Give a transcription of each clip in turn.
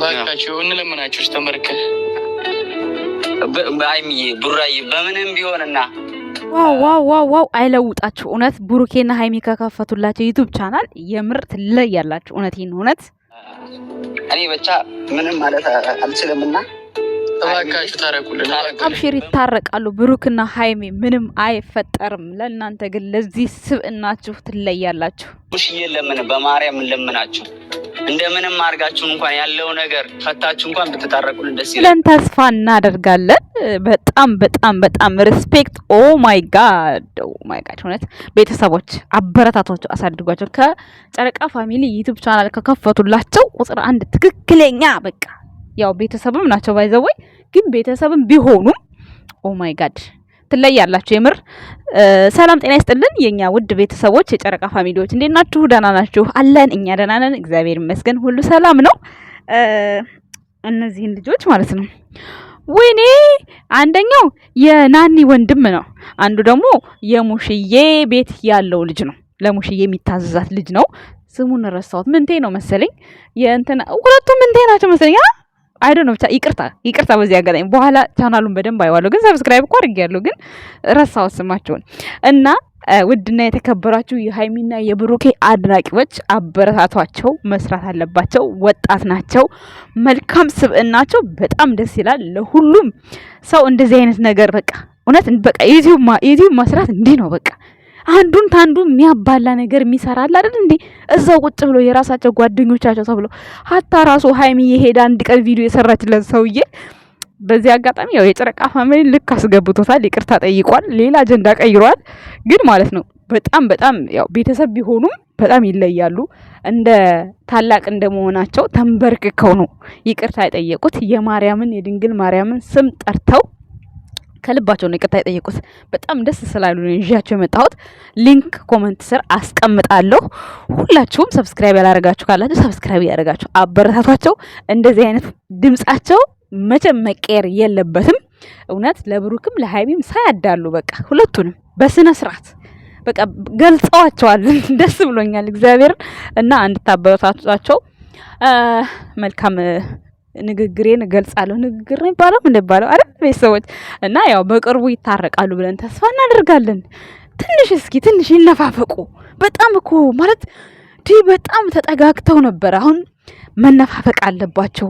እባካችሁ እንለምናችሁ ተመርከን አይምዬ ቡራዬ በምንም ቢሆንና ዋው ዋው ዋው ዋው አይለውጣችሁ። እውነት ብሩኬና ሀይሚ ከከፈቱላቸው ዩቱብ ቻናል የምር ትለያላችሁ። እውነቴን እውነት እኔ ብቻ ምንም ማለት አልችልምና እባካችሁ ታረቁልን። አብሽር ይታረቃሉ። ብሩክና ሀይሚ ምንም አይፈጠርም። ለእናንተ ግን ለዚህ ስብእናችሁ ትለያላችሁ። ሙሽዬ ለምን በማርያም እንለምናችሁ እንደምንም አድርጋችሁ እንኳን ያለው ነገር ፈታችሁ እንኳን ብትታረቁልን ደስ ይላል ብለን ተስፋ እናደርጋለን። በጣም በጣም በጣም ሪስፔክት። ኦ ማይ ጋድ ኦ ማይ ጋድ። እውነት ቤተሰቦች አበረታቷቸው፣ አሳድጓቸው። ከጨረቃ ፋሚሊ ዩቱብ ቻናል ከከፈቱላቸው ቁጥር አንድ ትክክለኛ በቃ ያው ቤተሰብም ናቸው ባይዘወይ ግን ቤተሰብም ቢሆኑም ኦ ማይ ጋድ ትለያላችሁ የምር። ሰላም ጤና ይስጥልን የኛ ውድ ቤተሰቦች የጨረቃ ፋሚሊዎች እንዴት ናችሁ? ደህና ናችሁ? አለን እኛ ደህና ነን፣ እግዚአብሔር ይመስገን፣ ሁሉ ሰላም ነው። እነዚህን ልጆች ማለት ነው ወይኔ አንደኛው የናኒ ወንድም ነው። አንዱ ደግሞ የሙሽዬ ቤት ያለው ልጅ ነው። ለሙሽዬ የሚታዘዛት ልጅ ነው። ስሙን ረሳሁት። ምንቴ ነው መሰለኝ የእንትና ሁለቱም ምንቴ ናቸው መሰለኝ አይደ ነው ብቻ ይቅርታ ይቅርታ። በዚህ አጋጣሚ በኋላ ቻናሉን በደንብ አየዋለሁ፣ ግን ሰብስክራይብ እኮ አድርጌያለሁ፣ ግን ረሳሁት ስማቸውን እና ውድና የተከበራችሁ የሀይሚና የብሩኬ አድናቂዎች አበረታቷቸው፣ መስራት አለባቸው። ወጣት ናቸው፣ መልካም ስብዕናቸው በጣም ደስ ይላል። ለሁሉም ሰው እንደዚህ አይነት ነገር በቃ እውነት በቃ የዚሁ መስራት እንዲህ ነው በቃ አንዱን ታንዱ የሚያባላ ነገር አለ አይደል እንዴ? እዛው ቁጭ ብሎ የራሳቸው ጓደኞቻቸው ተብሎ ሀታ ራሱ ሀይሚ የሄደ አንድ ቀን ቪዲዮ የሰራችለት ሰውዬ በዚህ አጋጣሚ ያው የጨረቃ ፋሚሊ ልክ አስገብቶታል። ይቅርታ ጠይቋል። ሌላ አጀንዳ ቀይሯል። ግን ማለት ነው በጣም በጣም ያው ቤተሰብ ቢሆኑም በጣም ይለያሉ። እንደ ታላቅ እንደመሆናቸው ተንበርክከው ነው ይቅርታ የጠየቁት። የማርያምን የድንግል ማርያምን ስም ጠርተው ከልባቸው ነው ይቅርታ የጠየቁት። በጣም ደስ ስላሉ ነው ይዣቸው የመጣሁት። ሊንክ ኮመንት ስር አስቀምጣለሁ። ሁላችሁም ሰብስክራይብ ያላረጋችሁ ካላችሁ ሰብስክራይብ ያደረጋችሁ አበረታቷቸው። እንደዚህ አይነት ድምጻቸው መቼም መቀየር የለበትም። እውነት ለብሩክም ለሀይሚም ሳያዳሉ በቃ ሁለቱንም በስነ ስርዓት በቃ ገልጸዋቸዋል። ደስ ብሎኛል እግዚአብሔርን እና እንድታበረታቷቸው መልካም ንግግሬን እገልጻለሁ። ንግግር ነው የሚባለው እንደባለው አይደል ቤተሰቦች? እና ያው በቅርቡ ይታረቃሉ ብለን ተስፋ እናደርጋለን። ትንሽ እስኪ ትንሽ ይነፋፈቁ። በጣም እኮ ማለት ዲ በጣም ተጠጋግተው ነበር። አሁን መነፋፈቅ አለባቸው።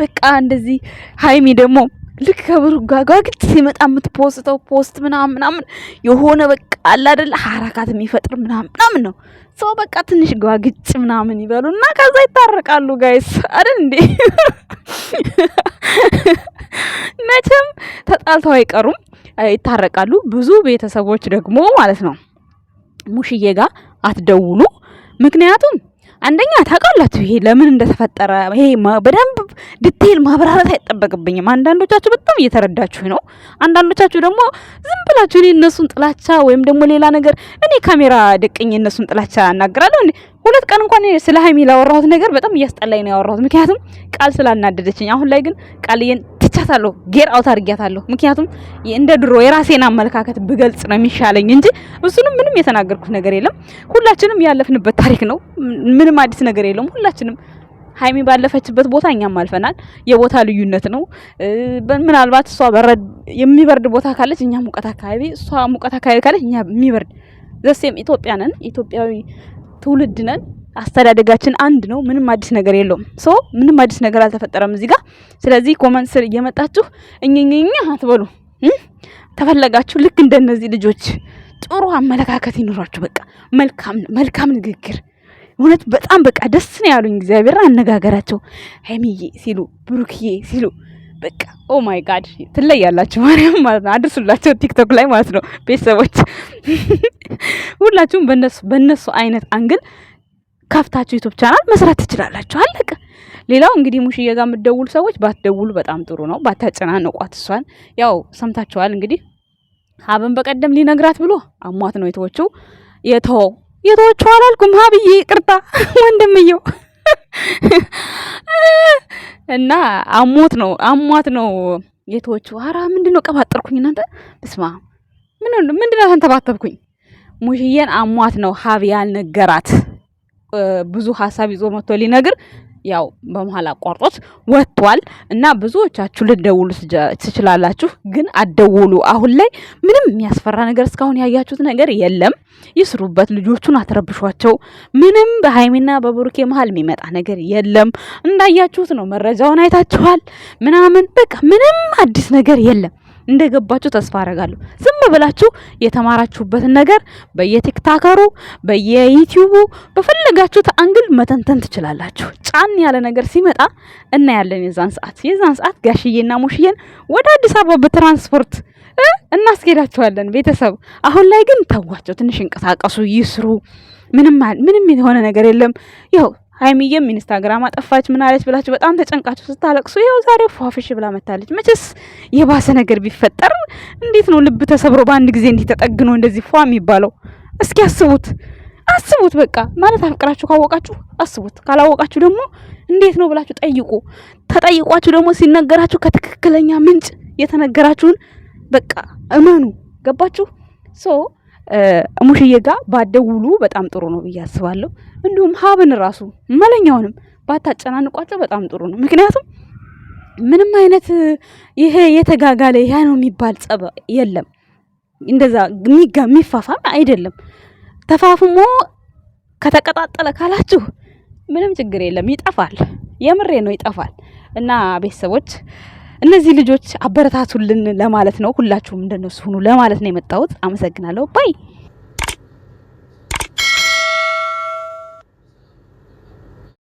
በቃ እንደዚህ ሀይሚ ደግሞ ልክ ከብሩ ጋጋግት ሲመጣ የምትፖስተው ፖስት ምናምን ምናምን የሆነ በቃ አለ አይደል ሀረካት የሚፈጥር ምናምን ምናምን ነው። ሰው በቃ ትንሽ ጓግጭ ምናምን ይበሉና ከዛ ይታረቃሉ። ጋይስ አይደል እንዴ? መቼም ተጣልተው አይቀሩም፣ ይታረቃሉ። ብዙ ቤተሰቦች ደግሞ ማለት ነው ሙሽዬ ጋር አትደውሉ፣ ምክንያቱም አንደኛ ታውቃላችሁ ይሄ ለምን እንደተፈጠረ ይሄ በደንብ ዲቴል ማብራራት አይጠበቅብኝም። አንዳንዶቻችሁ በጣም እየተረዳችሁ ነው። አንዳንዶቻችሁ ደግሞ ዝም ብላችሁ እኔ እነሱን ጥላቻ ወይም ደግሞ ሌላ ነገር እኔ ካሜራ ደቅኝ እነሱን ጥላቻ እናገራለሁ። ሁለት ቀን እንኳን ስለ ሀይሚ ላወራሁት ነገር በጣም እያስጠላኝ ነው ያወራሁት፣ ምክንያቱም ቃል ስላናደደችኝ። አሁን ላይ ግን ቃልዬን ትቻታለሁ፣ ጌር አውት አድርጊያታለሁ። ምክንያቱም እንደ ድሮ የራሴን አመለካከት ብገልጽ ነው የሚሻለኝ እንጂ እሱንም ምንም የተናገርኩት ነገር የለም። ሁላችንም ያለፍንበት ታሪክ ነው። ምንም አዲስ ነገር የለውም። ሁላችንም ሀይሚ ባለፈችበት ቦታ እኛም አልፈናል። የቦታ ልዩነት ነው። ምናልባት እሷ በረድ የሚበርድ ቦታ ካለች እኛ ሙቀት አካባቢ፣ እሷ ሙቀት አካባቢ ካለች እኛ የሚበርድ ዘሴም ኢትዮጵያ ነን። ኢትዮጵያዊ ትውልድ ነን። አስተዳደጋችን አንድ ነው። ምንም አዲስ ነገር የለውም። ሶ ምንም አዲስ ነገር አልተፈጠረም እዚህ ጋር። ስለዚህ ኮመንት ስር እየመጣችሁ እኝኝኛ አትበሉ። ተፈለጋችሁ ልክ እንደነዚህ ልጆች ጥሩ አመለካከት ይኖራችሁ። በቃ መልካም መልካም ንግግር እውነት በጣም በቃ ደስ ነው ያሉኝ። እግዚአብሔር አነጋገራቸው ሀይሚዬ ሲሉ ብሩክዬ ሲሉ በቃ ኦ ማይ ጋድ ትለያላችሁ። ማርያም ማለት ነው። አድርሱላቸው ቲክቶክ ላይ ማለት ነው። ቤተሰቦች ሁላችሁም በነሱ በነሱ አይነት አንግል ከፍታችሁ ዩቱብ ቻናል መስራት ትችላላችሁ። አለቀ። ሌላው እንግዲህ ሙሽዬ ጋር የምትደውሉ ሰዎች ባትደውሉ በጣም ጥሩ ነው። ባታጨናነቋት። እሷን ያው ሰምታችኋል እንግዲህ ሀብን በቀደም ሊነግራት ብሎ አሟት ነው የተወችው። የተወው የተወችው አላልኩም ሀብዬ፣ ቅርጣ ወንድምየው እና አሞት ነው አሟት ነው የተወችው። አራ ምንድን ነው ቀባጠርኩኝ እናንተ ብስማ ምንድን ነው ተንተባተብኩኝ። ሙሽዬን አሟት ነው ሀብ ያልነገራት። ብዙ ሀሳብ ይዞ መጥቶ ሊነግር ያው በመሀል አቋርጦት ወጥቷል እና ብዙዎቻችሁ ልደውሉ ትችላላችሁ፣ ግን አደውሉ። አሁን ላይ ምንም የሚያስፈራ ነገር እስካሁን ያያችሁት ነገር የለም። ይስሩበት፣ ልጆቹን አትረብሿቸው። ምንም በሀይሚና በብሩኬ መሀል የሚመጣ ነገር የለም። እንዳያችሁት ነው፣ መረጃውን አይታችኋል ምናምን። በቃ ምንም አዲስ ነገር የለም። እንደገባችሁ ተስፋ አረጋለሁ። ዝም ብላችሁ የተማራችሁበትን ነገር በየቲክታከሩ በየዩቲዩቡ በፈለጋችሁት አንግል መተንተን ትችላላችሁ። ጫን ያለ ነገር ሲመጣ እናያለን። የዛን ሰዓት የዛን ሰዓት ጋሽዬና ሙሽዬን ወደ አዲስ አበባ በትራንስፖርት እናስኬዳቸዋለን ቤተሰብ አሁን ላይ ግን ተዋቸው፣ ትንሽ እንቀሳቀሱ፣ ይስሩ። ምንም ምንም የሆነ ነገር የለም ያው ሀይሚዬም ኢንስታግራም አጠፋች ምናለች ብላችሁ በጣም ተጨንቃችሁ ስታለቅሱ ይኸው ዛሬ ፏፍሽ ብላ መታለች። መቼስ የባሰ ነገር ቢፈጠር እንዴት ነው ልብ ተሰብሮ በአንድ ጊዜ እንዲህ ተጠግኖ እንደዚህ ፏ የሚባለው? እስኪ አስቡት አስቡት በቃ ማለት አፍቅራችሁ ካወቃችሁ አስቡት፣ ካላወቃችሁ ደግሞ እንዴት ነው ብላችሁ ጠይቁ። ተጠይቋችሁ ደግሞ ሲነገራችሁ ከትክክለኛ ምንጭ የተነገራችሁን በቃ እመኑ። ገባችሁ ሶ ሙሽዬ ጋ ባደውሉ በጣም ጥሩ ነው ብዬ አስባለሁ። እንዲሁም ሀብን ራሱ መለኛውንም ባታጨናንቋቸው በጣም ጥሩ ነው። ምክንያቱም ምንም አይነት ይሄ የተጋጋለ ያ ነው የሚባል ጸብ የለም። እንደዛ ሚጋ የሚፋፋም አይደለም። ተፋፍሞ ከተቀጣጠለ ካላችሁ ምንም ችግር የለም፣ ይጠፋል። የምሬ ነው ይጠፋል። እና ቤተሰቦች እነዚህ ልጆች አበረታቱልን ለማለት ነው። ሁላችሁም እንደነሱ ሁኑ ለማለት ነው የመጣሁት። አመሰግናለሁ ባይ